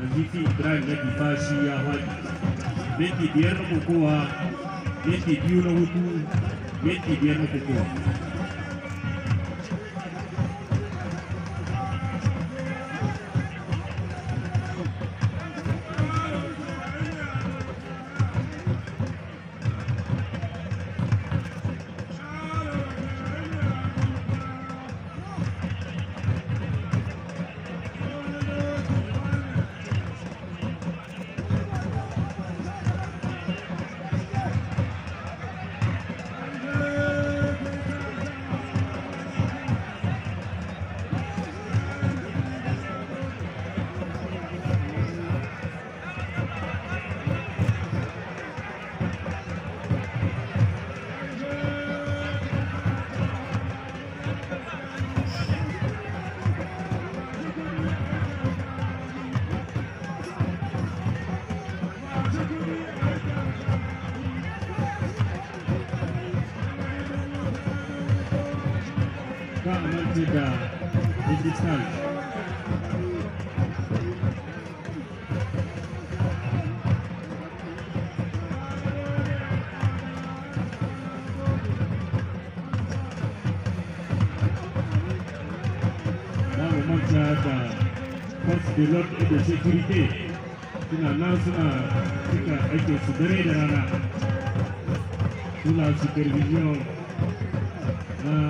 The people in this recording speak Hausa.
da zifi e na difashi ya haɗi minti biyar na kokowa minti biyu na hutu m a h m a d z e g a ö z b i t a n de l'ordre et de sécurité suna nan suna suka ake su dare da rana suna supervision na